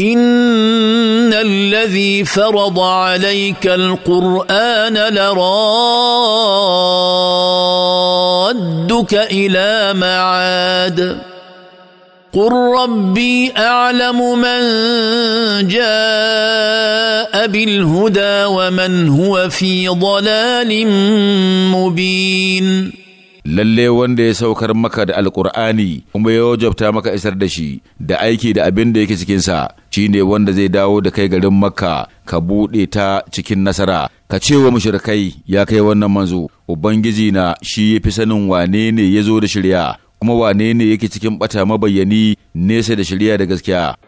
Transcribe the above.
ان الذي فرض عليك القران لرادك الى معاد قل ربي اعلم من جاء بالهدى ومن هو في ضلال مبين lalle wanda ya saukar maka da alkur'ani kuma ya wajabta maka isar da shi da aiki da abin da yake cikinsa ne wanda zai dawo da kai garin makka ka buɗe ta cikin nasara ka ce wa mushrikai ya kai wannan manzo ubangiji na shi ya fi sanin wane ne ya zo da shirya kuma wane ne yake cikin bata mabayyani nesa da shirya da gaskiya